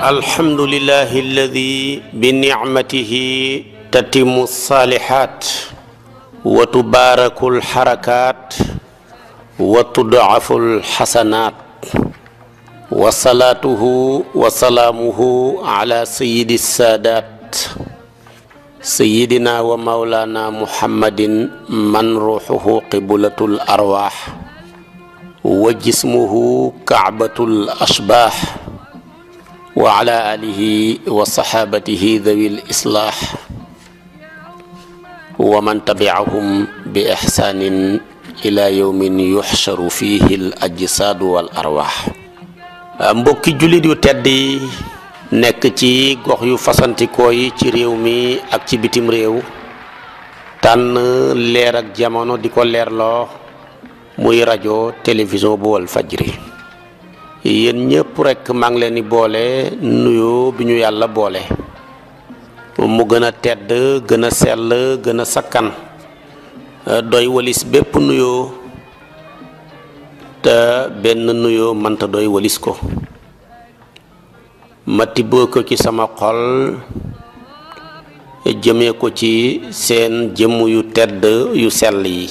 الحمد لله الذي بنعمته تتم الصالحات وتبارك الحركات وتضعف الحسنات وصلاته وسلامه على سيد السادات سيدنا ومولانا محمد من روحه قبلة الأرواح وجسمه كعبة الأشباح وعلى آله وصحابته ذوي الإصلاح ومن تبعهم بإحسان إلى يوم يحشر فيه الأجساد والأرواح mbokki jullit yu tedd yi nekk ci gox yu fasantikoo yi ci réew mi ak ci bitim réew tànn leer ak jamono di ko leerloo muy rajo télévision bu Walfadjri yéen ñëpp rekk maa ngi leen di boole nuyoo bi ñu yàlla boole mu gën a tedd gën a sell gën a sakkan doy walis bépp nuyoo te benn nuyoo mënta doy walis ko ma tibboo ko ci sama xol jëmee ko ci seen jëmm yu tedd yu sell yi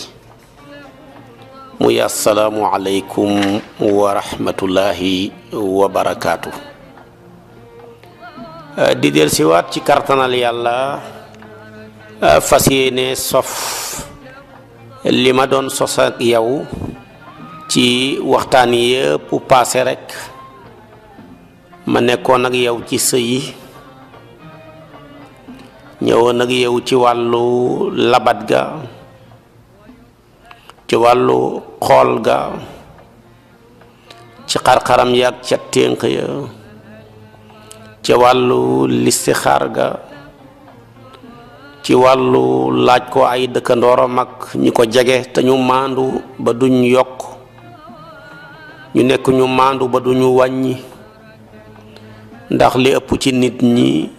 muy asalaamu aleykum wa rahmatullahi euh, di dellusiwaat ci kartanal yàlla euh, fas yéene sof li ma doon sos ak yow ci waxtaan yëpp paase rekk ma nekkoon ak yow ci sëy ñëwoon ak yow ci wàllu labat ga ci wàllu xool ga ci xar-xaram ca ténk ya ci wàllu listixaar ga ci wàllu laaj ko ay dëkkandooram ak ñi ko jege te ñu maandu ba duñ yokk ñu nekk ñu maandu ba duñu wàññi ndax li ëpp ci nit ñi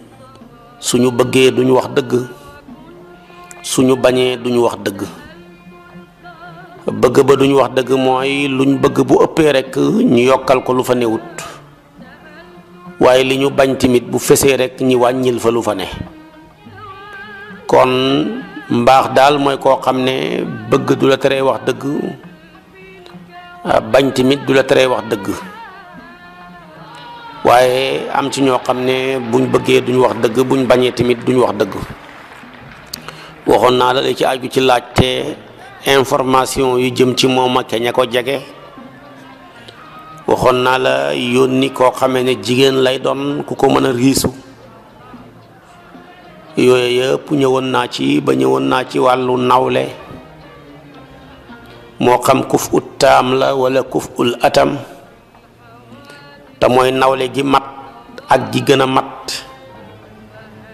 suñu bëggee duñu wax dëgg suñu bañee duñu wax dëgg bëgg ba duñ wax dëgg mooy luñ bëgg bu ëppee rek ñu yokkal ko lu fa newut waaye li ñu bañ tamit bu fesee rek ñi wàññil fa lu fa ne kon mbaax daal mooy koo xam ne bëgg du la teree wax dëgg ah, bañ tamit du la teree wax dëgg waaye am ci ñoo xam ne buñ bëggee duñ wax dëgg buñ bañee tamit duñ wax dëgg waxoon naa la ci aju ci laajte. information yu jëm ci moom ak ña ko jege waxoon naa la yónni koo xamee ne jigéen lay doon ku ko mën a riisu yooyu yëpp ñëwoon naa ci ba ñëwoon naa ci wàllu nawle moo xam kuf ut taam la wala kuf ul atam te mooy nawle gi mat ak gi gën a mat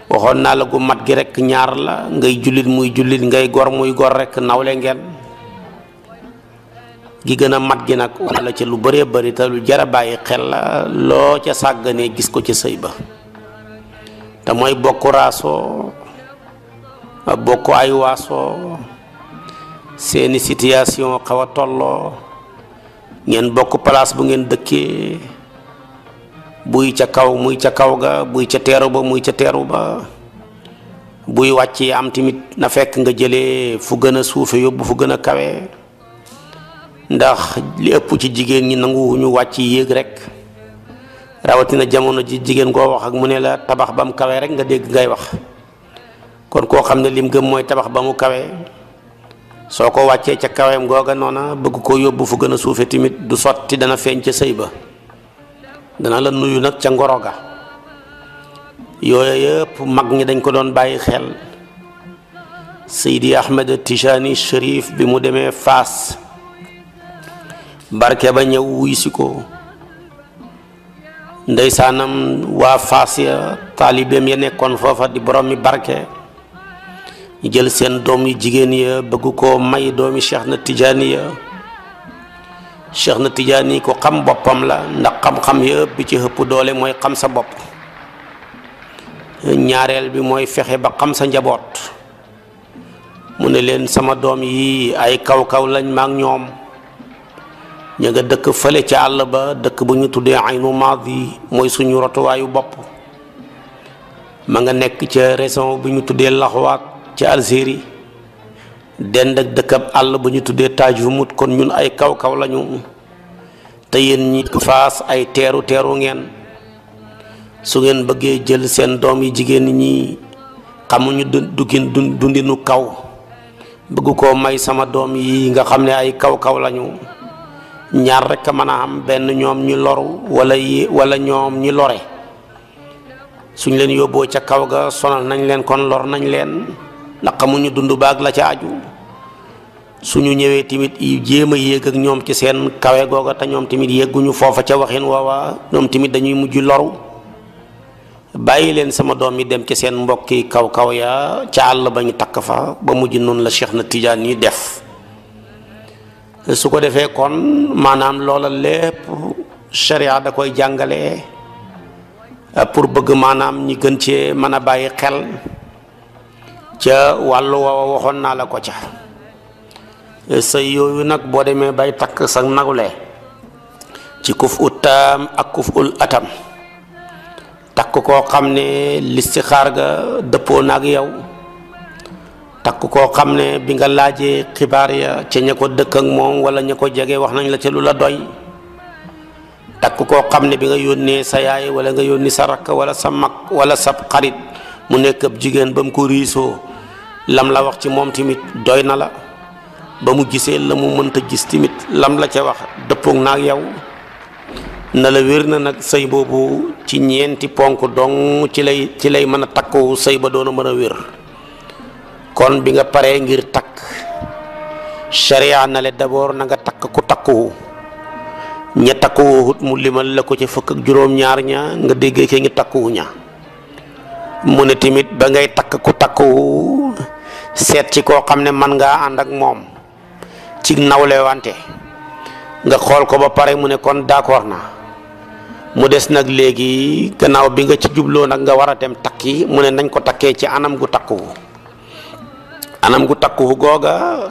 waxoon naa la gu mat gi rekk ñaar la ngay jullit muy jullit ngay gor muy gor rekk nawle ngeen gi gën a mat gi nag wala ca lu bëree bëri te lu jar bàyyi xel la loo ca sàggane gis ko ca sëy ba te mooy bokk raasoo bokk ay waaso seeni situation xaw a tolloo ngeen bokk place bu ngeen dëkkee buy ca kaw muy ca kaw ga buy ca teeru ba muy ca teeru ba buy wàcc am tamit na fekk nga jëlee fu gën a suufe yóbbu fu gën a kawe ndax li ëpp ci jigéen ñi ñu wàcc yéeg rek rawatina jamono ji jigéen koo wax ak mu ne la tabax ba mu kawe rek nga dégg ngay wax kon koo xam ne lim gëm mooy tabax ba mu kawe soo ko wàccee ca kaweem googa noona bëgg koo yóbbu fu gën a suufe tamit du sotti dana feeñ ca sëy ba dana la nuyu nak ca ngoro ga mag ñi dañ ko doon bàyyi xel seydi ahmed tijani sharif bi mu deme fas barke ba ñew wuy si ko ndeysaanam waa ya talibem ya nekkon fofa di borom mi barke jël seen doom yi jigen ya bëgg ko may doomi cheikh na tijani ya Cheikh na Tidiane ko xam boppam la ndax xam-xam yëpp ci ëpp doole mooy xam sa bopp ñaareel bi mooy fexe ba xam sa njaboot mu ne leen sama doom yi ay kaw-kaw lañ maak ñoom ñu nga dëkk fële ca àll ba dëkk bu ñu tuddee aynu yi mooy suñu rotuwaayu bopp ma nga nekk ca région bu ñu tuddee Laxwaat ca Algérie dend ak dëkkab àll bu ñu tuddee taaj mut kon ñun ay kaw-kaw lañu te yéen ñi faas ay teeru teeru ngeen su ngeen bëggee jël seen doom yi jigéen ñii xamuñu du dugin dundinu kaw bëgg ko may sama doom yi nga xam ne ay kaw-kaw lañu ñaar rekk a mën a am benn ñoom ñi loru wala yi wala ñoom ñi lore suñ leen yóbboo ca kaw ga sonal nañ leen kon lor nañ leen ndax xamuñu dund baag la ca aju suñu ñëwee tamit jéem a yéeg ak ñoom ci seen kawe googa te ñoom tamit yégguñu foofa ca waxin waawa ñoom tamit dañuy mujj loru bàyyi leen sama doom yi dem ci seen mbokki kaw kaw ya ca àll ba ñu takk fa ba mujj noonu la Cheikh na Tijaan yi def su ko defee kon maanaam loola lépp sharia da koy jàngale pour bëgg maanaam ñi gën cee mën a bàyyi xel ca wàllu woowa waxoon naa la ko ca sa yooyu nag boo demee bay takk sa nagulee ci kuf ut taam ak kuf ul atam takk koo xam ne xaar ga dëppoo na ak yow takk koo xam ne bi nga laajee xibaar ya ca ña ko dëkk moom wala ña ko jege wax nañ la ca lu la doy takk koo xam ne bi nga yónnee sa yaay wala nga yónni sa rakk wala sa mag wala sa xarit mu nekk ab jigéen ba ko riisoo lam la wax ci moom tamit doy na la ba mu gisee la mu mënta gis tamit lam la ca wax dëppoog naag yow na la wér na nag sëy boobu ci ñeenti ponk dong ci lay ci lay mën takku sëy ba doona mën a kon bi nga paree ngir takk sharia na le d'abord na nga takk ku takku ña takku mu limal la ko ci fukk ak juróom-ñaar ña nga déggee ke ngi takku ña mu ne tamit ba ngay takk ku takku seet ci koo xam ne man ngaa ànd ak moom ci nawle wante nga xool ko ba pare mu ne kon d'accord na mu des nag léegi gannaaw bi nga ci jubloo nag nga war a dem takki mu ne nañ ko takkee ci anam gu takku anam gu takku googa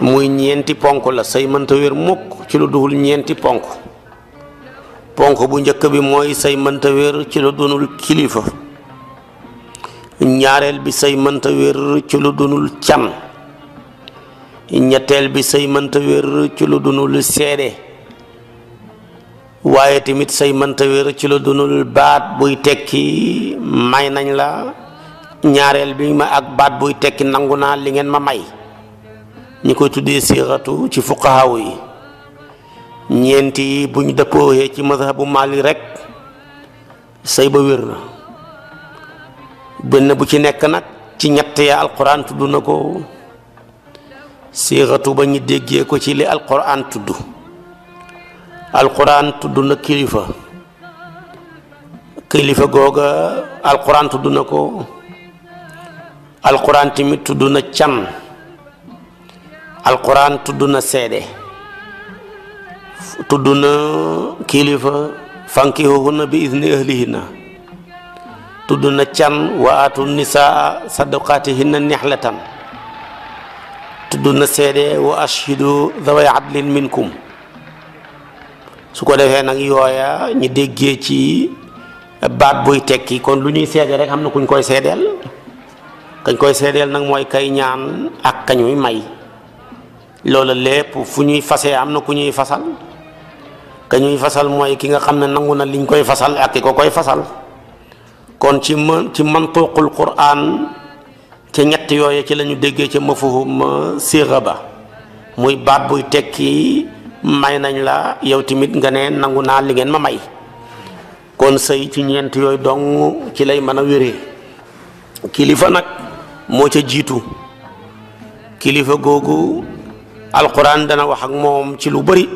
muy ñeenti ponk la say mënta wér mukk ci lu duhul ñeenti ponk ponk bu njëkk bi mooy say mënta wér ci lu dunul kilifa ñaareel bi say mënta wér ci lu dunul can ñetteel bi say mënta wér ci lu dunul seede waaye tamit sëy mënta wér ci lu dunul baat buy tekki may nañ la ñaareel bi ak baat buy tekki nangu naa li ngeen ma may ñu koy tuddee siixatu ci fuqahaaw yi ñeenti buñ dëppoo ci mazhabu Maalik rekk sëy ba wér na benn bu ci nekk nag ci ñett ya alquran tudd na ko siixatu ba ñu déggee ko ci li alquran tudd alquran tudd na kilifa kilifa googa alquran tudd na ko alxuraan tamit tudd na can alxuraan tudd na seede tudd na kilifa fankihuhunna bi izni ahlihinna tudd na can wa aatu nisaa sadaqaatihinna nihlatan tudd na seede wa ashhidu daway adlin minkum su ko defee nag yooya ñu déggee ci baat buy tekki kon lu ñuy seede rek am na kuñ koy seedeel kañ koy seedeel nag mooy kay ñaan ak kañuy may loola lépp fu ñuy fasee am na ku ñuy fasal kañuy fasal mooy ki nga xam ne nangu na liñ koy fasal ak ki ko koy fasal kon ci ma ci mantuuqul quraan ca ñett yooye ci lañu déggee ca mafhum siira ba muy baat buy tekki may nañ la yow tamit nga ne nangu naa li ngeen ma may kon sëy ci ñeent yooyu dong ci lay mën a wéree kilifa nag moo ca jiitu kilifa googu alquran dana wax ak moom ci lu bari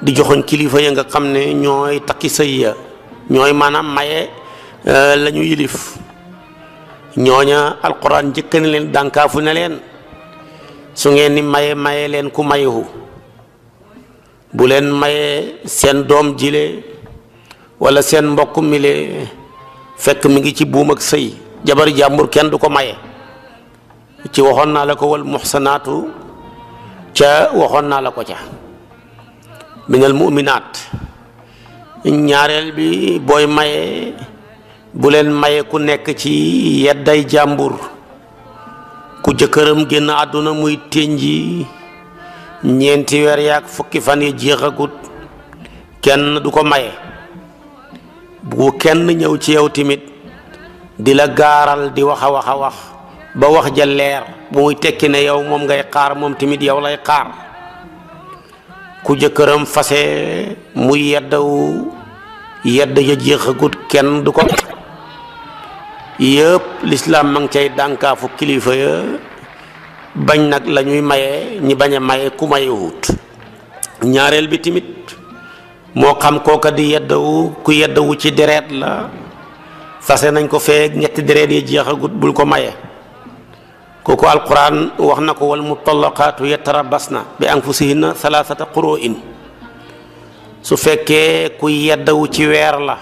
di joxoñ kilifa ya nga xam ne ñooy takki sëy ya ñooy maanaam maye Euh, lañu ñu yilif ñooña alquran njëkk na leen dànkaafu ne leen su ngeen ni maye maye leen ku mayewu bu leen mayee seen doom jile wala seen mbokk mi le fekk mi ngi ci buum ak sëy jabar jàmbur kenn du ko maye ci waxoon naa la ko wal muxsanaatu ca waxoon naa la ko ca minal muminaat ñaareel bi booy maye bu leen maye ku nekk ci yedday jàmbur ku jëkkëram génn àdduna muy ténji ñeenti weer yaag fukki fan yi jeexagut kenn du ko maye bu kenn ñëw ci yow tamit di la gaaral di wax ba wax ja leer bu muy tekki ne yow moom ngay xaar moom tamit yow lay xaar ku jëkkëram fase muy yeddawu yedd ya jeexagut kenn du ko yëpp lislaam ma ngi cay dànkaafu kilifa ya bañ nag lañuy ñuy maye ñi bañ a maye ku mayewut ñaareel bi timit moo xam kooka di yeddawu ku yeddawu ci dereet la fase nañ ko feeg ñetti dereet yi jeexagut bul ko maye kooku alquran wax na ko wal mutallaqaatu yatarabasna bi anfusihinna salaasata quroo in su fekkee ku yeddawu ci weer la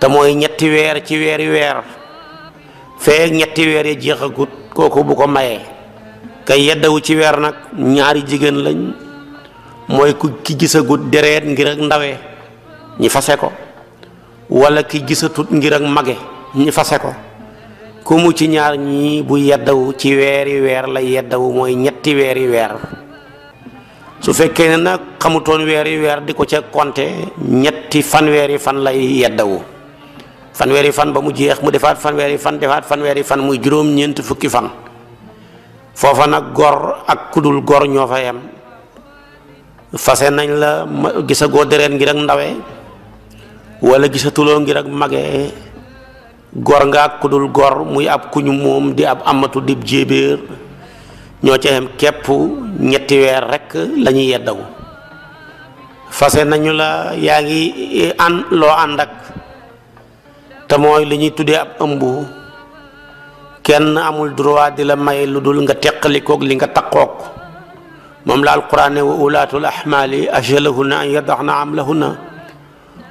te mooy ñetti weer ci weeri weer feek ñetti weer yi jeexagut kooku bu ko mayee kay yeddawu ci weer nag ñaari jigéen lañ mooy ku ki gisagut deret ngir ak ndawee ñi fase ko wala ki gisatut ngir ak mage ñi fase ko ku mu ci ñaar ñii bu yeddawu ci weeri weer la yeddawu mooy ñetti weeri weer su fekke ne nak xamutoon wer yi diko ci konté ñetti fan wer yi fan lay yeddawu yi fan ba mu jeex mu defaat yi fan defaat yi fan muy juroom ñent fukki fan fofa nak gor ak kudul gor ño fa yam fasé nañ la go deren ngir ak ndawé wala tulo ngir ak mage gor nga kudul gor muy ab kuñu mom di ab amatu dib jébéer ñoo ca yem képp ñetti weer rekk lañuy ñuy yeddawu fase nañu la yaa ngi an loo ànd ak te mooy li ñuy tuddee ab ëmb kenn amul droit di la may lu dul nga teqalikoog li nga takkook moom la alquran ne wa ulaatul ahmaali ajalahunna an yadaxna amlahunna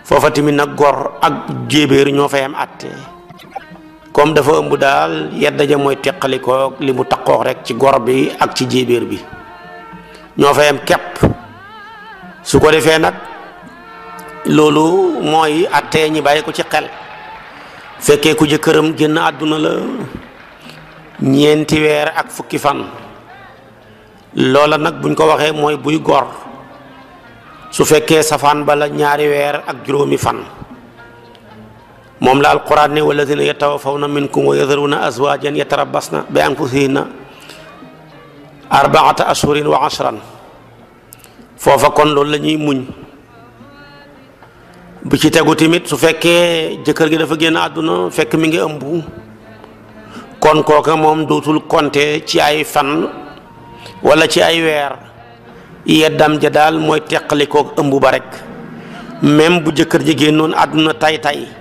foofa tamit nag gor ak jéebéer ñoo fa yem àtte comme dafa ëmb daal yedda ja mooy teqalikoo li mu taqoo rekk ci gor bi ak ci jéebéer bi ñoo fa yem kepp su ko defee nag loolu mooy attee ñi bàyyi ko ci xel fekkee ku jëkkëram génn àdduna la ñeenti weer ak fukki fan loola nag buñ ko waxee mooy buy gor su fekkee safaan bala ñaari weer ak juróomi fan moom la alquran ne walladina yatawafawna minkum wa yadharuna azwajan yatarabbasna bi anfusihinna arbaata ashhurin wa ashran foofa kon loolu la ñuy muñ bu ci tegu tamit su fekkee jëkkër gi dafa génn àdduna fekk mi ngi ëmb kon kooka moom dootul compter ci ay fan wala ci ay weer yeddam ja daal mooy teqalikoog ëmb ba rek même bu jëkkër ji génnoon àdduna tay tay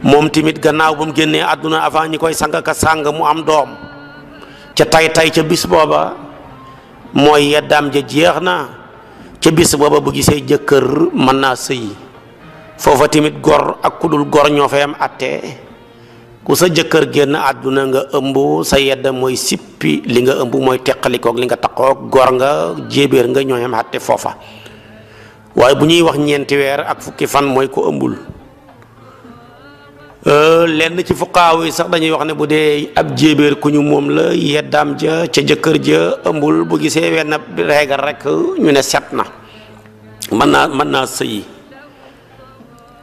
mom timit gannaaw ba mu aduna àdduna avant kasangga sang ka sang mu am dom ci tay tay ci bis boba moy yeddaam ja jeex jeker manasi. bis timit bu gisé jëkkër man na sey fofa timit gor ak kudul gor ño fa yam atté ku sa jëkkër genn aduna nga embu sa yedda moy sippi li nga ëmb mooy teqalikoog li nga takko gor nga jeber nga ñoo am fofa foofa waaye bu ñuy wax ñenti wër ak fukki fan moy ko ëmbul Euh, lenn ci fuqaaw yi sax dañuy wax ne bu dee ab jéebéer ku ñu moom la yeddaam ja ca jëkkër ja ëmbul bu gisee wenn reegal rek ñu ne set na mën naa mën naa sëyi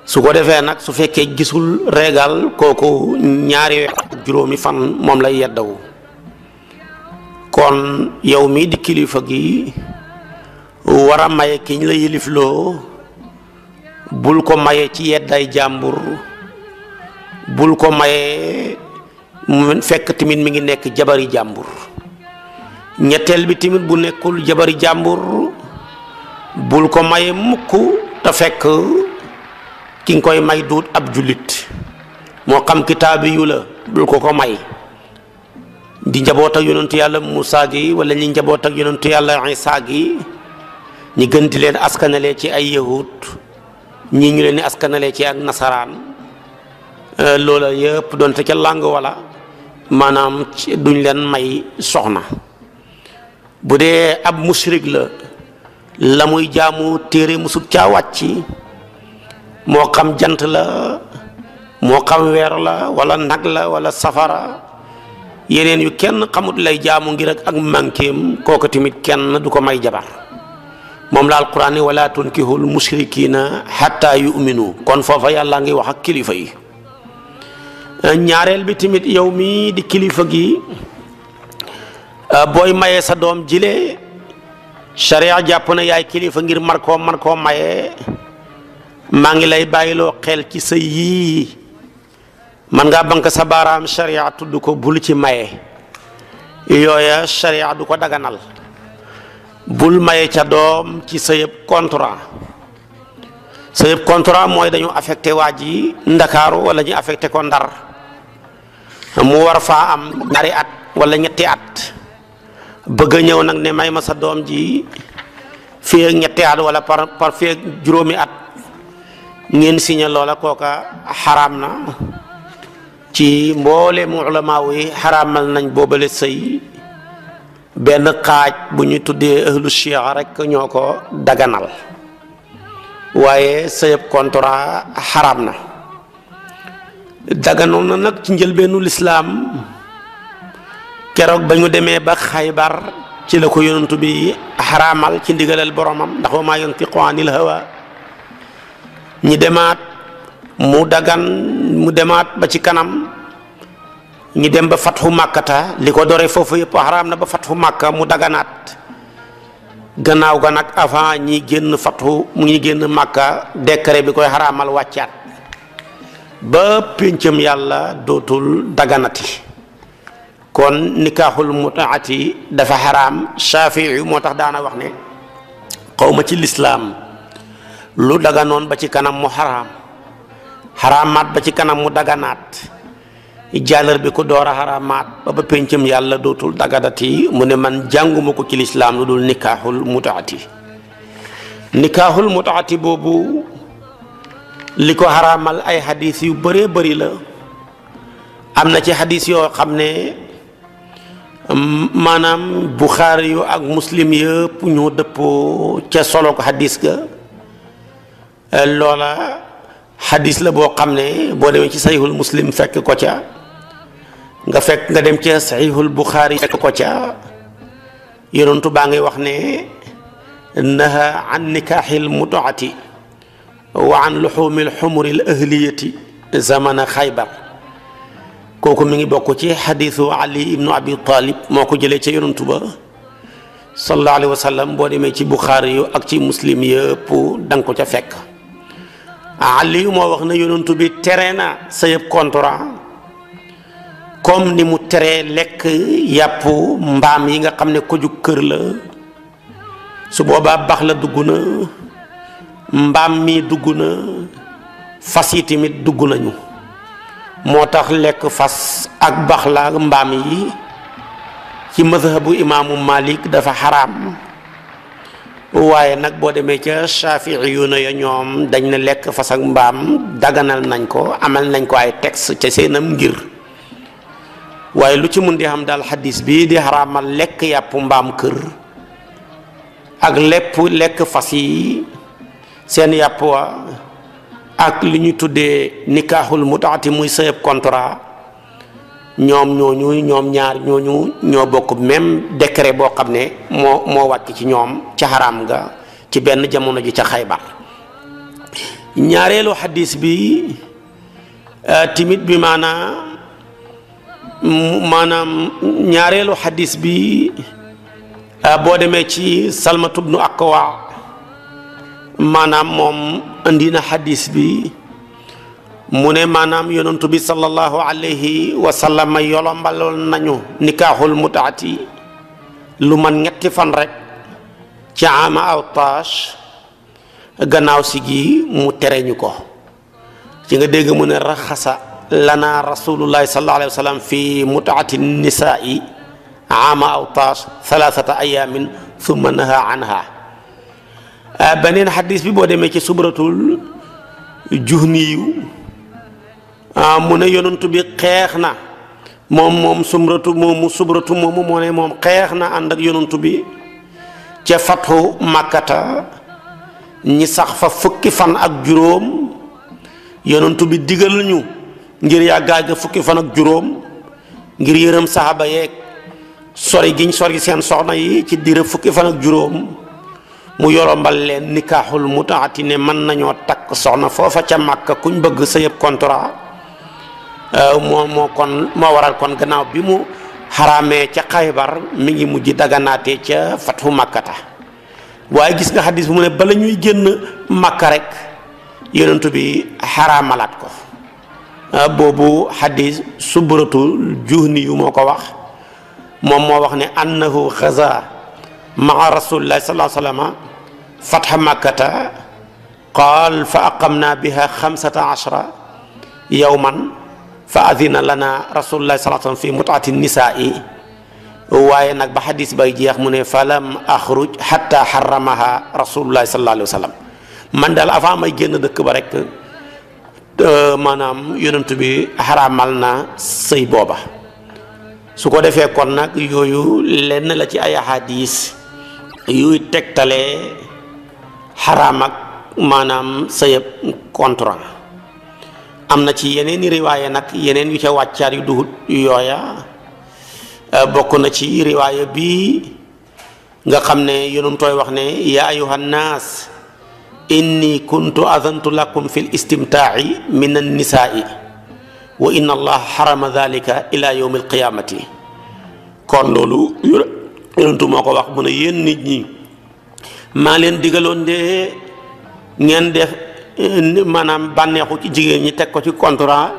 su ko defee nag su fekkee gisul reegal kooku ñaari weer ak juróomi fan moom lay yeddawu kon yow mii di kilifa gi war a maye ki ñu la yilifloo bul ko maye ci yedday jàmbur bul ko mayee mu fekk tamit mi ngi nekk jabari jàmbur ñetteel bi tamit bu nekkul jabari jàmbur bul ko maye mukk te fekk ki nga koy may duut ab jullit moo xam kitaabi yu la bul ko ko may di njaboot ak yonentu yàlla Moussa gi wala ñi njaboot ak yonentu yàlla Isa gi ñi gën di leen askanalee ci ay yahut ñii ñu leen askanalee ci ak nasaraan Euh, loola yëpp doonte ca làng wala maanaam duñ leen may soxna bu dee ab musrik la la muy jaamu téere musut caa wàcc moo xam jant la moo xam weer la wala nag la wala safara yeneen yu kenn xamut lay jaamu ngir ak ak mànkeem kooku tamit kenn du ko may jabar moom la alquran ni wala tunkihul musrikina hatta yu'minu kon foofa yàlla ngi wax ak kilifa yi ñaareel bi tamit yow mii di kilifa gi ah, booy maye sa doom jilee sharia jàpp na yaay kilifa ngir mar koo man maa ngi lay bàyyiloo xel ci sa yii man nga bank sa baaraam sharia tudd ko bul ci maye yooya sharia du ko daganal bul maye ca doom ci sa yëpp contrat sa yëpp contrat mooy dañu affecté waa ji ndakaaru wala ñu affecté ko ndar mu war fa am ñaari at wala ñetti at bëgg ñew nak ne may ma sa doom ji fi ak ñetti at wala par par fii ak juroomi at ngeen signé loola koka haram na ci mu ulama wi haramal nañ boobale sey ben xaj bu ñu tuddé ahlus shi'a rek ñoko daganal waye sey contrat haram na daganoon na nag ci njëlbeenu lislaam keroog ba ñu demee ba xaybar ci la ko yonent bi xaraamal ci ndigalal boromam ndax wa maa yantiqu anil hawa ñi demaat mu dagan mu demaat ba ci kanam ñi dem ba fatxu màkkata li ko dore foofu yëpp xaraam na ba fat fatxu màkka mu daganaat gannaaw ga nag avant ñi génn fatxu mu ñi génn màkka décret bi koy xaraamal wàccaat ba péncam yàlla dootul dagganati kon nikaaxul mutaati dafa xaraam shafii moo tax daana wax ne xawma ci lislaam lu daganoon ba ci kanam mu xaraam xaraamaat ba ci kanam mu dagganaat jàllar bi ko door a xaraamaat ba ba péncam yàlla dootul daganati mu ne man jànguma ko ci lislaam lu dul nikaaxul mutaati nikaaxul mutaati boobu li ko xaraamal ay xadis yu bëree bari la am na ci xadis yoo xam ne maanaam buxaari yu ak muslim yëpp ñoo dëppoo ca solo ko xadis ga eh, loola xadis la boo xam ne boo demee ci saxiixul muslim fekk ko ca nga fekk nga dem ca saxiixul buxaari fekk ko ca yonentu baa ngay wax ne naha an nikaaxil mutaati وعن لحوم الحمر الأهلية زمن خيبر كوكو ميغي بوكو حديث علي بن ابي طالب موكو جيلي تي يونتوبا صلى الله عليه وسلم بو ديمي تي بخاري اك تي مسلم ييب دانكو تي فك علي مو واخنا يونتوبي ترينا سيب كونترا كوم ني مو تري ليك ياب مبام ييغا خامني كوجو كير لا سو بوبا باخ لا دغونا mbaam mi dugg na fas yi tamit dugg nañu moo tax lekk fas ak baxla mbaam yi ci mazhabu imaamu malik dafa xaram waaye nag boo demee ca shafi'iyuna ya ñoom dañ ne lekk fas ak mbaam daganal nañ ko amal nañ ko ay tex ca seenam ngir waaye lu ci mun di xam daal xadis bi di xaraamal lekk yàppu mbaam kër ak lépp lekk fas yi seen yàpp wa ak li ñu tuddee nikaaxul mutaati muy sëyëb contrat ñoom ñooñu ñoom ñaar ñooñu ñoo bokk même décret boo xam ne moo moo wàcc ci ñoom ca xaraam nga ci benn jamono ji ca xaybar ñaareelu xadis bi euh, timit bi maanaam maanaam ñaareelu xadis bi euh, boo demee ci salmatubnu akwa manam mom andina hadis bi mune manam maanaam bi sallallahu alayhi wa sallam yolombaloon nañu nikahul mutaati lu man ñetti fan rek ci ama aw tash gannaaw si gi mu tereñu ko ci nga deg mu ne lana rasulullah sallallahu alayhi wasallam fi mutaati nisaai ama aw tash thalathata ayamin thumma naha anha Euh, beneen xadis bi boo demee ci subratul juhniyu ah, mu ne yonantu bi xeex na moom moom sumratu moomu moo ne moom xeex na ànd ak yonantu bi ca fatxu màkkata ñi sax fa fukki fan ak juróom yonantu bi digal ñu ngir yàggaay ga fukki fan ak juróom ngir yërëm saxaaba yeeg sori giñ sori seen soxna yi ci diira fukki fan ak juróom mu yorombal leen nikaaxul mutaati ne mën nañoo takk soxna foofa ca màkka kuñ bëgg sa yëpp contrat euh, moo moo kon moo waral kon gannaaw bi mu xaramee ca xaybar mu ngi mujj daganaatee ca fat fatxu màkkata waaye gis nga xadis bu mu ne bala ñuy génn màkka rek yonentu bi xaraamalaat ko euh, boobu xadis subratul juhni yu moo ko wax moom moo wax ne annahu xaza مع رسول الله صلى الله عليه وسلم فتح مكة قال فأقمنا بها خمسة عشر يوما فأذن لنا رسول الله صلى الله عليه وسلم في متعة النساء وينك بحديث بيجيخ من فلم أخرج حتى حرمها رسول الله صلى الله عليه وسلم من دل أفهم يجن دك بارك manam yonentou bi haramal na sey boba su ko defé kon nak yoyu len yuy tegtalee xaraam ak maanaam sëyëb am na ci yeneen i riwaaye nag yeneen yu ca wàccaat yu duhut yooya euh, bokk na ci riwaaye bi nga xam ne yonum tooy wax ne yaa ayuha nnaas inni kuntu adantu lakum fi l istimtaai min annisaai wa inna allaha xarama dalika ila yowmi alqiyaamati kon yonentu moko wax mu ne yéen nit ñi ma leen digaloon de ngeen def eh, manam banexu ci jigeen ñi tek ko ci contrat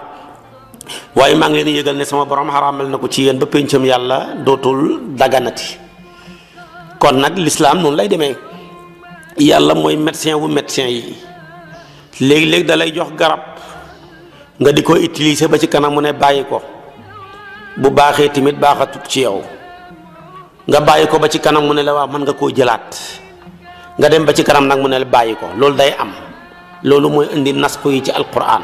waye ma ngi leen ne sama borom haramal nako ci yeen ba yalla dotul daganati kon nak l'islam non lay deme yalla moy médecin wu médecin yi leg leg dalay jox garab nga diko utiliser ba ci kanam mu ne bayiko bu baxé timit baxatu ci yow nga bayiko ba ci kanam mu ne la nga ko jelat nga dem ba ci kanam nak mu ne la ko day am lolou moy indi nasku yi ci alquran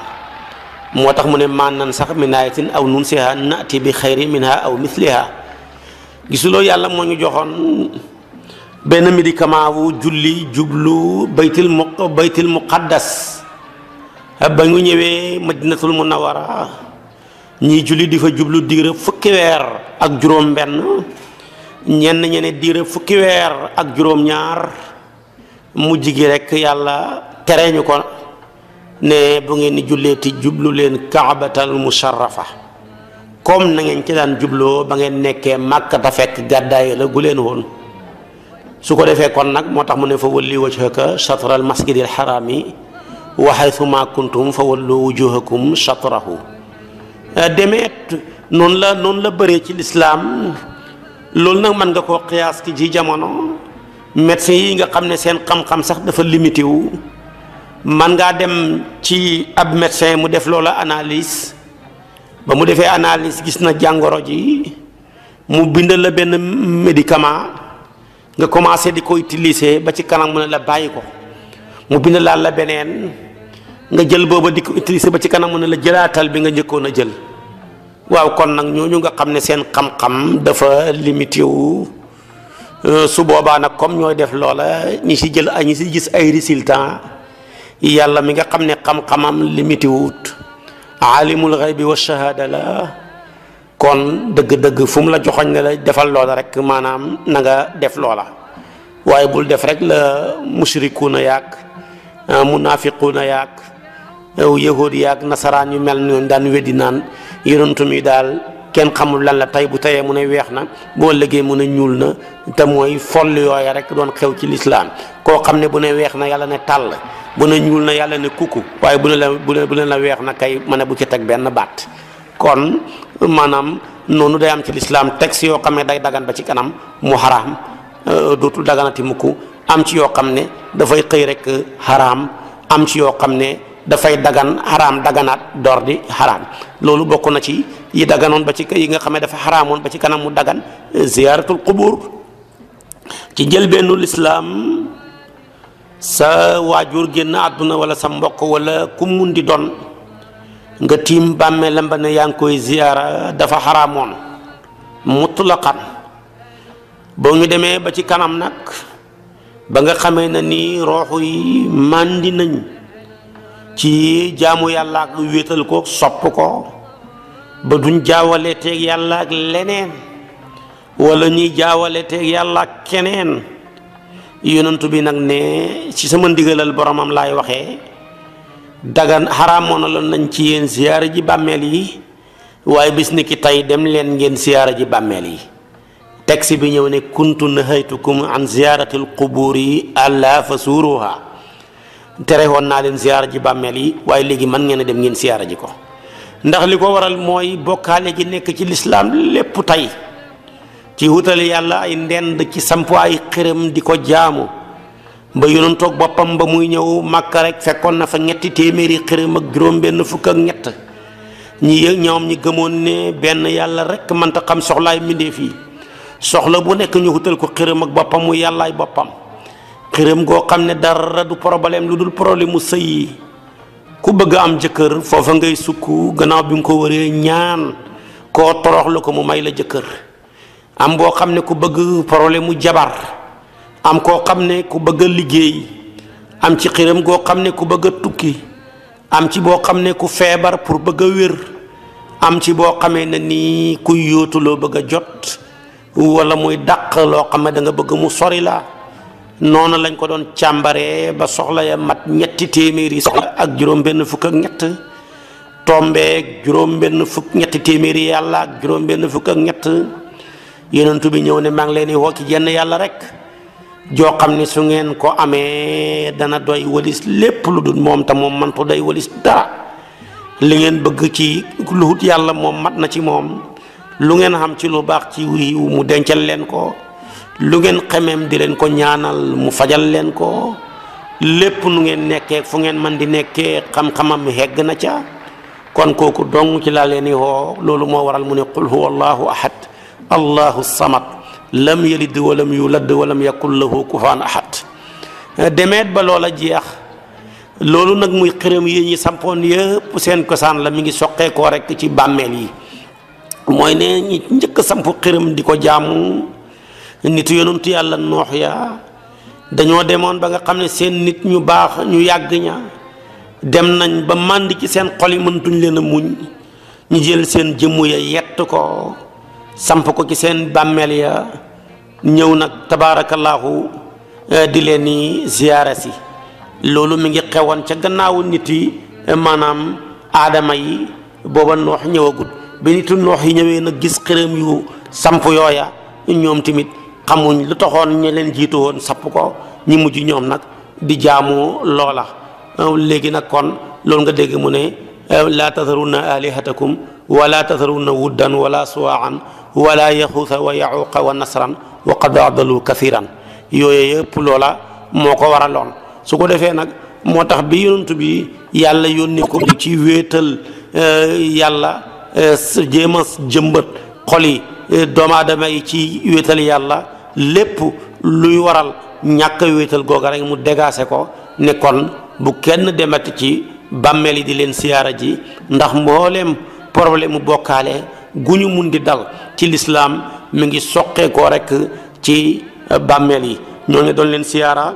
motax mu ne nan sax min ayatin aw nunsiha naati bi khairin minha aw misliha gisulo yalla mo ñu joxon ben medicament wu julli jublu baytil muq baytil muqaddas ba ñu ñewé madinatul munawara ñi julli di fa jublu digre fukki wer ak juroom benn ñenn ñene diire fukki weer ak juróom-ñaar mujj gi rek yàlla tere ñu ko ne bu ngeen di ti jublu leen kaabatal musharrafa comme na ngeen ci daan jubloo ba ngeen nekkee màkk fekk gàddaay la gu leen woon su ko defee kon nag moo tax mu ne fa walli wajhaka shatral masjidil harami wa haythu ma kuntum fa wallu wujuhakum shatrahu demeet noonu la noonu la bëree ci lislaam loolu nag mën nga koo xiyaas ki ji jamono médecins yi nga xam ne seen xam-xam sax dafa limité man ngaa dem ci ab médecin mu def loola analyse ba mu defee analise gis na jàngoro ji mu bind la benn médicament nga commencé di ko utiliser ba ci kanam mu ne la bàyyi ko mu bind laal la beneen nga jël booba di ko utiliser ba ci kanam ne la jëlaatal bi nga njëkkoon a jël waaw kon nag ñooñu nga xam ne seen xam-xam dafa limité wu euh, su boobaa nag comme ñooy def loola ñi si jël ñi si gis ay résultats yàlla mi nga xam ne xam-xamam limité wut aalimul xaybi wa shahada la kon dëgg-dëgg fu mu la joxoñ ne la defal loola rek maanaam nanga def loola waaye bul def rek la mushrikuuna yaag euh, munafiquuna yàgg yahuud yaag nasaraan yu mel noonu daan weddi naan yonantu mi daal kenn xamul lan la tey bu teyee mu ne weex na boo lëggee mu ne ñuul na te mooy foll yooya rek doon xew ci lislaam koo xam ne bu ne weex na yàlla ne tàll bu ne ñuul na yàlla ne kukku waaye bu ne la bu ne la weex na kay ma ne bu ci teg benn baat kon maanaam noonu day am ci lislaam texte yoo xam ne day dagan ba ci kanam mu xaraam euh, dootul daganati mukk am ci yoo xam ne dafay xëy rek euh, xaraam am ci yoo xam ne fay dagan haram daganat dor di haram lolou bokk na ci yi daganon ba ci yi nga xamé dafa haramon ba ci kanam mu dagan eh, ziyaratul qubur ci benul islam sa wajur genn aduna wala sa mbokk wala ku mundi don nga tim bamé lamba ne yaa koy ziyara dafa haramon mutlaqan bo ñu démé ba ci kanam nak ba nga xamé na ni yi nañ ci jaamu yalla ak wetal ko sop ko ba duñ jaawale ak yalla ak leneen wala ñuy jaawale ak yalla ak keneen bi nak ne ci sama ndigalal boromam lay waxe dagan haramonalon nañ ci yeen ziyara ji bammel yi waaye bis ni ki tay dem len ngeen ziyara ji bammel yi texte bi ñew ne kuntu nahaytukum an ziyaratil quburi ala fasuruha tere woon naa leen ziyaara ji bàmmeel yi waaye léegi mën ngeen a dem ngeen ziyaara ji ko ndax li ko waral mooy bokkaale ji nekk ci lislaam lépp tey ci wutale yàlla ay ndend ci samp ay xërëm di ko jaamu ba yonoon toog boppam ba muy ñëw màkk rek fekkoon na fa ñetti téeméeri xërëm ak juróom-benn fukk ak ñett ñi ñoom ñi gëmoon ne benn yàlla rek mënta xam soxlaay mbindeef yi soxla bu nekk ñu wutal ko xërëm ak boppam mu yàllaay boppam xiram goo xam ne dara du problème lu dul problème mu sëy ku bëgg am jëkkër foofa ngay sukk gannaaw bi nga ko waree ñaan koo torox la ko mu may la jëkkër am boo xam ne ku bëgg problème mu jabar am koo xam ne ku bëgg a liggéey am ci xiram goo xam ne ku bëgg a tukki am ci boo xam ne ku feebar pour bëgg a wér am ci boo xamee ne nii kuy loo bëgg a jot wala muy dàq loo xam ne danga bëgg mu sori la noonu lañ ko doon càmbaree ba soxla ya mat ñetti téeméeri soxla ak juróom-benn fukk ak ñett tombeeg juróom-benn fukk ñetti téeméeri yàlla ak juróom-benn fukk ak ñett yonent bi ñëw ne maa ngi leen di woo ci jenn yàlla rek joo xam ne su ngeen ko amee dana doy walis lépp lu dul moom te moom mantu doy walis dara li ngeen bëgg ci lu hut yàlla moom mat na ci moom lu ngeen a xam ci lu baax ci wiiw mu dencal leen ko lu ngeen xemeem di leen ko ñaanal mu fajal leen ko lépp nu ngeen nekkee fu ngeen man di nekkee xam-xamam hegg na ca kon kooku dong ci laa leen i woo loolu moo waral mu ne qul huwa allahu ahad allahu samad lam yalid walam yulad walam yakun lahu kufaan ahad demeet ba loola jeex loolu nag muy xërëm yi ñu sampoon yëpp seen kosaan la mi ngi soqeekoo rekk ci bàmmeel yi mooy ne ñi njëkk samp xërëm di ko jaamu nit nitu ti yàlla noox ya dañoo demoon ba nga xam ne seen nit ñu baax ñu yàgg ña dem nañ ba màndi ci seen xol yi mëntuñ leen a muñ ñu jël seen jëmm ya yett ko samp ko ci seen bàmmeel ya ñëw nag tabaarakallaahu eh, di leen ni ziyaara si loolu mi ngi xewoon ca gannaawu nit yi eh, maanaam aadama yi booba noox ñëwagul bi nitu noox yi ñëwee nag gis xërëm yu samp yooya ñoom tamit xamuñ lu taxoon ñi leen jiitu woon sapp ko ñu mujj ñoom nag di jaamu loola euh, léegi nag kon loolu nga dégg mu ne euh, laa tasarunna alihatakum wala tasarunna wuddan wala suwaan wala yaxuusa wa yaxuuqa wa nasran wa qad adalu kasiran yooyu yëpp loola moo ko waraloon su ko defee nag moo tax bi yonent bi yàlla yónni ko ci wéetal euh, yàlla jéem a jëmbat xol Eh, doomaadama yi ci wéetal yàlla lépp luy waral ñàkk wéetal googa rek mu dégaase ko ne bu kenn demati ci bàmmeel yi di leen siyaara ji ndax mbooleem problème mu bokkaale gu ñu mun di dal ci lislaam mu ngi soqee koo rek ci bàmmeel yi ñoo ne doon leen siyaara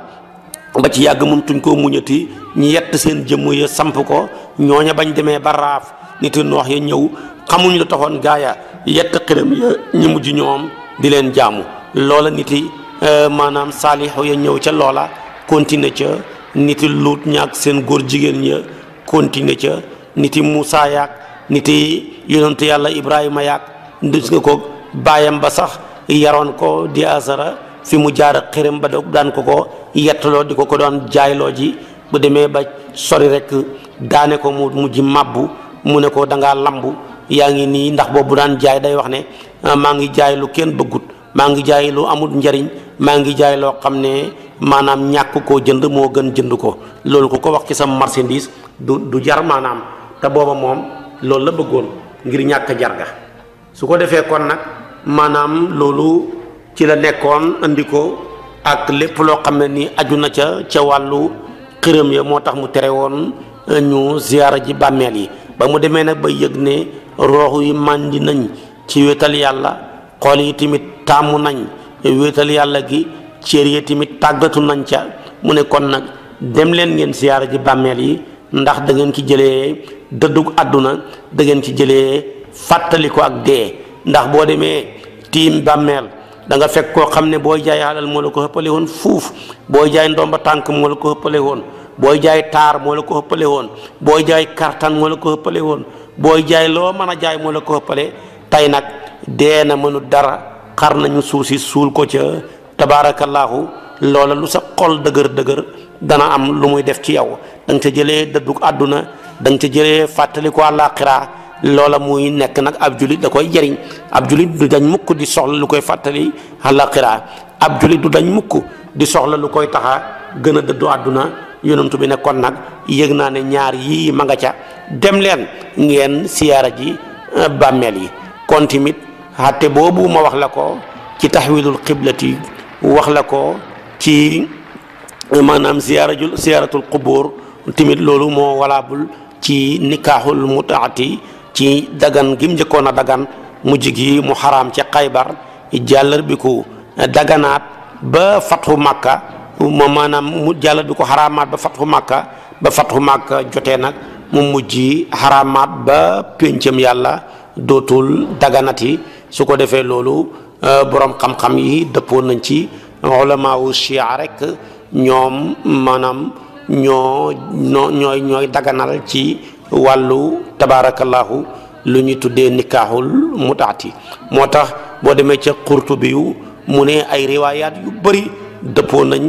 ba ci yàgg moom tuñ koo muñati ñu yett seen jëmm ya samp ko ñooña bañ demee ba raaf niti noox ya ñëw xamuñ lu taxoon gaaya yett xiram ya ñi mujj ñoom di leen jaamu loola nit yi euh, maanaam saalixu ya ñëw ca loola continue ca nit yi luut ñaak seen góor jigéen ya continue ca nit yi Moussa niti nit yi yonentu yàlla Ibrahima nga ko bàyyam ba sax yaroon ko di asara fi mu jaar xiram ba daan ko ko yettaloo di ko ko doon jaayloo ji bu demee ba sori rek daane ko mu mujj mabbu mu ne da ngaa lambu yaa ngi nii ndax boobu daan jaay day wax ne ah, maa ngi jaay lu kenn bëggut maa ngi jaay lu amul njariñ maa ngi jaay loo xam ne maanaam ñàkk koo jënd moo gën jënd ko loolu ku ko wax ci sama marchandise du du jar maanaam te booba moom loolu la bëggoon ngir ñàkk jar ga su ko defee kon nag maanaam loolu ci la nekkoon indi ko ak lépp loo xam ne ni aju na ca ca wàllu xërëm ya moo tax mu tere woon eh, ñu ziyaara ji bàmmeel yi ba mu demee nag ba yëg ne roox yi màndi nañ ci wéetal yàlla xool yi tamit tàmm nañ wéetal yàlla gi cër yi tamit tàggatu nañ ca mu ne kon nag dem leen ngeen siyaara ji bàmmeel yi ndax da ngeen ci jëlee dëddug àdduna da ngeen ci jëlee fàttali ko ak dee ndax boo demee tiim bàmmeel da nga fekk koo xam ne booy jaay alal moo la ko xëppale woon fuuf booy jaay ndomba tànk moo la ko xëppale woon booy jaay taar moo la ko xëppale woon booy jaay kartan moo la ko xëppale woon boy jaay loo mana a jaay moo la ko ëppale tay nak deena na mënu dara xar nañu suusi suul ko ca loola lu sa xol dëgër dëgër dana am lu muy def ci yow dang ca jëlee dëddug àdduna dang ca jëlee fàttali ko àllaaxira loola muy nekk nag ab julit da koy jëriñ ab julit du dañ mukk di soxla lu koy fàttali àllaaxira ab julit du dañ mukk di soxla lu koy taxa gëna dëddu aduna yonantu bi nekkon kon nag yëg ne ñaar yi ma nga ca dem leen ngeen siyaara ji euh, bàmmeel yi kon timit xatte boobu ma wax la ko ci taxwilul qiblati wax la ci maanaam siyaaratul qubur loolu moo walaabul ci nikaaxul mutaati ci dagan gim njëkkoon a dagan mujj muharam mu xaraam ci xaybar jàllar bi ko ba fatxu màkka moom maanaam mu jàlla di ko xaraamaat ba fatxu màkka ba fatxu màkka jotee nag mu mujj xaraamaat ba péncam yàlla dootul daganati su ko defee loolu euh, borom xam-xam yi dëppoon nañ ci ulamaawu chia rek ñoom maanaam ñoo ñoo ñooy ci wàllu tabaarakallaahu lu ñu tuddee nikaaxul mutaati moo tax boo demee ci xurtu bi yu mu ne ay riwaayaat yu bëri dëppoo nañ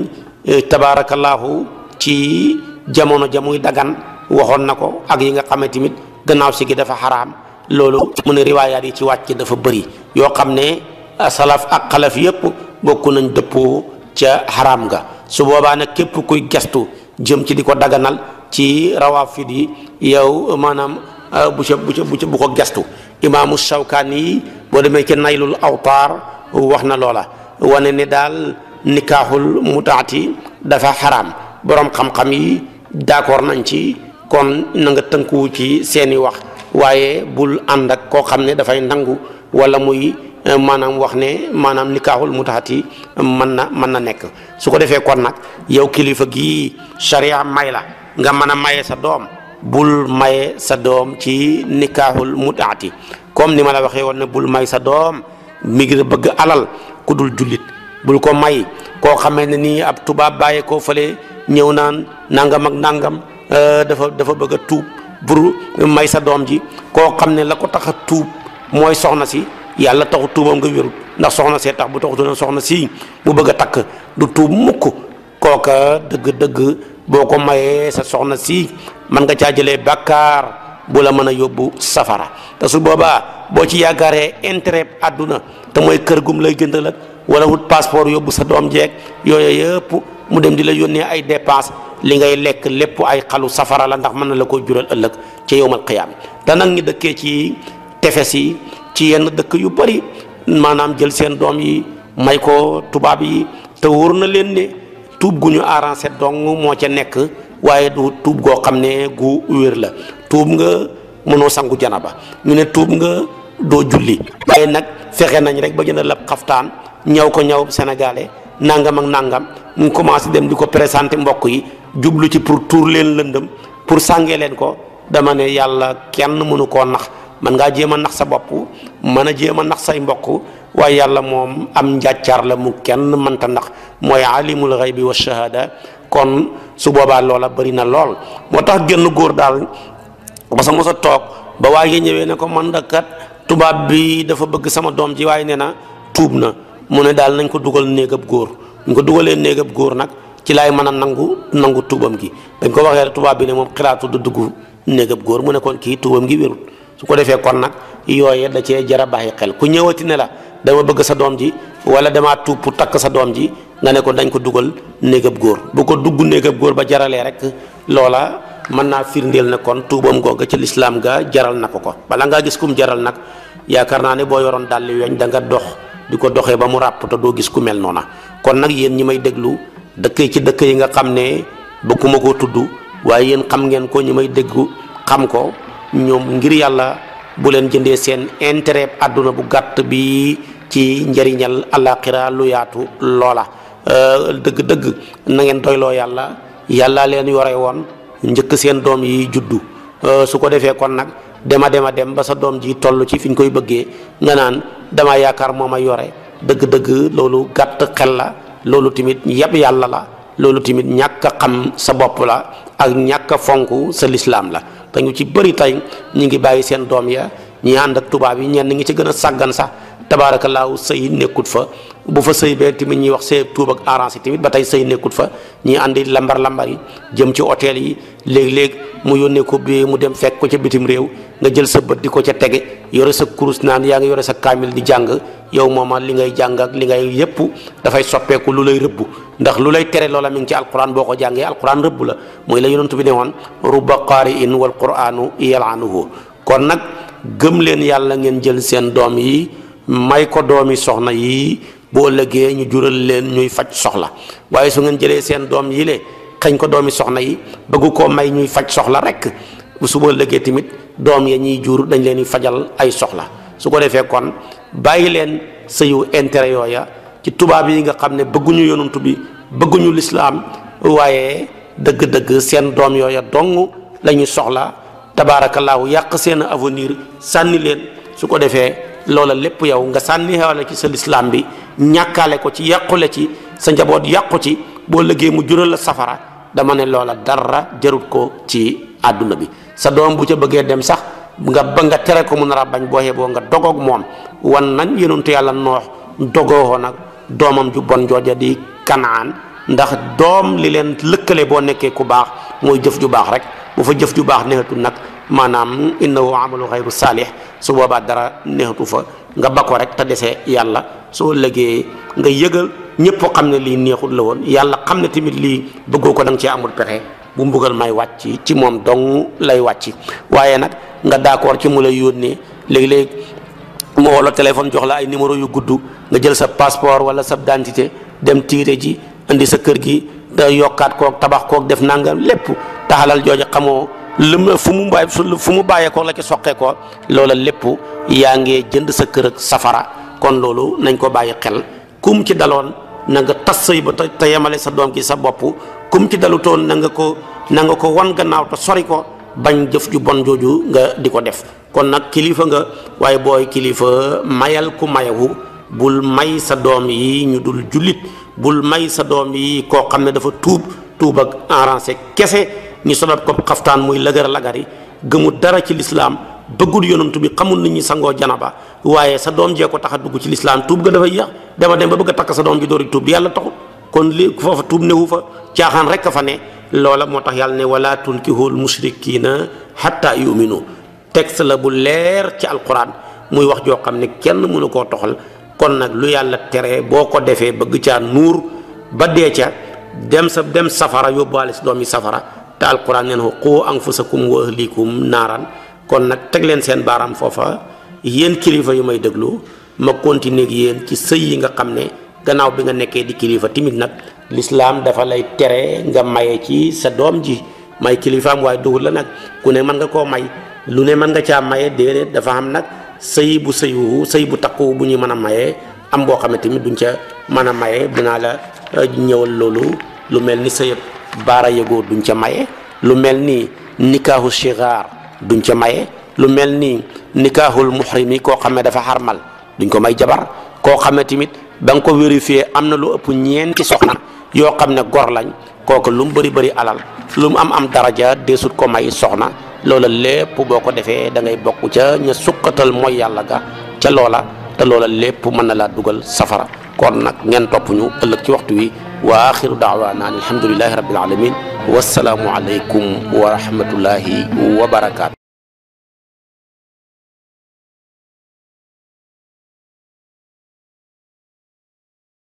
eh, tabaarakallaahu ci jamono ja muy daggan waxoon na ko ak yi nga xam ne tamit gannaaw si gi dafa xaraam loolu mu ne riwaayaat yi ci wàcc dafa bëri yoo xam ne salaf ak xalaf yépp bokk nañ dëppoo ca xaraam nga su boobaa nag képp kuy gestu jëm ci di ko daganal ci rawaafid yi yow maanaam eh, bu ca bu ca bu ca bu ko gestu imaamu Shawkaani yi boo demee ci naylul awtaar wax na loola wane ne daal nikahul mutaati dafa haram. borom xam-xam yi d'accord nañ ci kon na nga tënkuwu ci seeni wax waaye bul ànd ak koo xam ne dafay nangu wala muy eh, manam wax ne manam nikahul mutaati eh, man na man na nekk su ko defee kon nag yow kilifa gi sharia may la nga mën a sa doom bul maye sa doom ci nikahul mutaati comme ni ma la waxee bul may sa doom mi ngi alal ku dul bul ko may ko xamee ni ab tuba baye ko fele ñew naan nangam ak nangam euh, dafa dafa bëgg tuup buru may sa dom ji ko xam la ko tax tuup moy soxna si yalla taxu tuubam nga wëru ndax soxna se tax bu do soxna si mu bëgg tak du tuub mukk ko ka deug deug ko maye sa soxna si man nga caa jëlee bakar bu la meuna yobbu safara ta su boba bo ci yaakaaree intérêt aduna te moy kër gum lay jëndal ak wala wut passeport yóbbu sa doom jeeg yooyu yëpp mu dem di la yónnee ay dépense li ngay lekk lépp ay xalu safara la ndax mën na la ko jural ëllëg ci yowmal qiyaam te nag ñi dëkkee ci tefes yi ci yenn dëkk yu bari maanaam jël seen doom yi may ko tubaab yi te wër na leen ne tuub gu ñu arrangé dong moo ca nekk waaye du tuub goo xam ne gu wér la tuub nga mënoo sangu janaba ñu ne tuub nga doo julli waaye nag fexé nañ rek ba jëndal lab xaftaan ñaw ko ñaw sénégalais nangam ak nangam mu commencé dem diko présenter mbokk yi jublu ci pour tour leen lëndëm pour sangé leen ko dama né yalla kenn mënu ko nax man nga jéem nax sa bop man na nax say mbokk wa yalla mom am njàccaar la mu kenn ta nax moy alimul ghaibi wa shahada kon su boba lola bari na lol motax genn goor dal ba sa mos ba waye ñewé ne ko man da kat tubaab bi dafa bëgg sama doom ji waaye nee na tuub na mu ne daal nañ ko dugal néegab góor ñu ko dugalee néegab góor nag ci laay mën a nangu nangu tuubam gi dañ ko waxee tubaab bi ne moom xalaatu du dugg néegab góor mu nekkoon kon kii tuubam gi wérul su ko defee kon nag yooye da cee jar a bàyyi xel ku ñëwati ne la dama bëgg sa doom ji wala damaa tuub pour takk sa doom ji nga ne ko dañ ko dugal néegab góor bu ko dugg néegab góor ba jaralee rek loola man na firndel na kon tubam goga ci l'islam ga jaral nako ko bala nga gis kum jaral nak ya naa ne boo yoroon dàll weñ da nga dox diko doxé ba mu rap to do gis ku mel nona kon nak yeen ñi may deglu dekk ci dekk yi nga xamne ne kuma ko tuddu waye yeen xam ngeen ko ñi may deggu xam ko ñom ngir yalla bu len jëndee seen intérêt aduna bu gatt bi ci njariñal alakhirah lu yaatu euh deug deug na ngeen doylo yalla yalla len won njëkk seen doom yi juddu euh, su ko defee kon nag dema dema dem ba sa doom ji toll ci fi ñu koy bëggee nga naan dama yaakaar moo ma yore dëgg-dëgg loolu gàtt xel la loolu tamit yab yàlla la loolu tamit ñàkk a xam sa bopp la ak ñàkk fonk sa lislaam la dañu ci bëri tey ñu ngi bàyyi seen doom ya ñi ànd ak tubaab yi ñenn ñi ci gën a sàggan sax tabaarakallaahu sëy nekkut fa bu fa sëy bee tamit ñuy wax sëy tuub ak arance yi ba tey sëy nekkut fa ñi àndi lambar lambar yi jëm ci hôtel yi léeg-léeg mu yónnee ko bi mu dem fekk ko ca bitim réew nga jël sa bët di ko ca tege yore sa kurus naan yaa ngi yore sa kaamil di jàng yow mooma li ngay jàng ak li ngay yépp dafay soppeeku lu lay rëbb ndax lu lay tere loola mi ngi ci alquran boo ko jàngee alquran rëbb la mooy la yonent bi woon rubba qaari in wal quranu yalanuhu kon nag gëm leen yàlla ngeen jël seen doom yi may ko doomi soxna yi boo lëggee ñu jural leen ñuy faj soxla waaye su ngeen jëlee seen doom yi le xañ ko doomi soxna yi bëgg koo may ñuy faj soxla rek su boo lëggee tamit doom ya ñuy jur dañ leen di fajal ay soxla su ko defee kon bàyyi leen sëyu intérêt yooya ci tubaab yi nga xam ne bëgguñu yonantu bi bëgguñu lislaam waaye dëgg-dëgg seen doom yooya dong lañuy soxla tabaarakallaahu yàq seen avenir sànni leen su ko defee loola lépp yow nga sànni xewale ci sa lislaam bi ñàkkaale ko ci yàqule ci sa njaboot yàqu ci boo lëggee mu jural la safara dama ne loola dara jarut ko ci àdduna bi sa doom bu ca bëggee dem sax nga ba nga tere ko mu nar a bañ boo xeeboo nga dogoog moom wan nañ yonentu yàlla noox dogoo nag doomam ju bon jooja di kanaan ndax doom li leen lëkkale boo nekkee ku baax mooy jëf ju baax rek bu fa jëf ju baax neexatu nag maanaam innahu amalu xayru saalih su boobaa dara neexatu fa nga ba ko rek te desee yàlla soo lëgee nga yëgal ñëpp xam ne lii neexut la woon yàlla xam ne tamit lii bëggoo ko da nga cee amul pexe bu mbugal may wàcc ci moom dong lay wàcc waaye nag nga d'accord ci mu la yónnee léegi-léegi mu wala téléphone jox la ay numéro yu gudd nga jël sa passeport wala sa identité dem tiire ji indi sa kër gi da yokkaat kook tabax kook def nangam lépp taxalal jooju xamoo lu fu mu bàyyi fu mu bàyyeekoo la ci soqeekoo loola lépp yaa ngi jënd sa kër ak safara kon loolu nañ ko bàyyi xel kum ci daloon na nga tas sëy ba te yemale sa doom gi sa bopp kum ci dalutoon na nga ko nanga ko wan gannaaw te sori ko bañ jëf ju bon jooju nga di ko def kon nag kilifa nga waaye booy kilifa mayal ku mayawu bul may sa doom yi ñu dul jullit bul may sa doom yi koo xam ne dafa tuub tuub ak kese ñi sabab ko xaftaan muy lëgër lagari gemu dara ci l'islam beugul yonentou bi xamul nit ñi sango janaba waye sa doom je ko tax dug ci l'islam tuub ga dafa ya dama dem ba bëgg tak sa doom bi doori tuub yàlla taxul kon li fofu tuub newu fa caaxaan rek fa ne lola motax yàlla ne wala tunkihul musrikina hatta yuminu texte la bu leer ci alquran muy wax jo xamne kenn mënu ko toxal kon nak lu yàlla tere boko defee bëgg ci nur ba dé ca dem sa dem safara yobale si doom safara te alquran neen ko qu anfusakum wa ahlikum naran kon nak tek len sen baram fofa fayu kilifa yu may deglu ma continuer ak yéen ci sey yi nga xam gannaaw bi nga nekké di kilifa timit nak l'islam dafa lay téré nga maye ci sa dom ji may am way dugul la nak ku ne man nga ko may lu ne man nga ca maye déedéet dafa am nak sey bu seyu sey bu takku bu ñu mëna mayé maye am bo xam timit duñ ca mëna mayé maye dinaa la euh, ñëwal lolu lu melni ni baara yego duñ ca maye lu mel ni nikaahu shigar duñ ca maye lu mel ni nikaahul muhrimi ko xamé dafa harmal duñ ko may jabar ko xamé timit tamit ko vérifier amna lu ëpp ñeenti soxna yo xamné gor lañ kooku lu mu bëri alal lu am am daraja desut ko may soxna loola lepp boko defé da ngay bokku ca ñu sukkatal moy yalla ga ca loola te loola lepp mën na dugal safara kon nak ngeen ñu ëlëk ci waxtu wi واخر دعوانا الحمد لله رب العالمين والسلام عليكم ورحمه الله وبركاته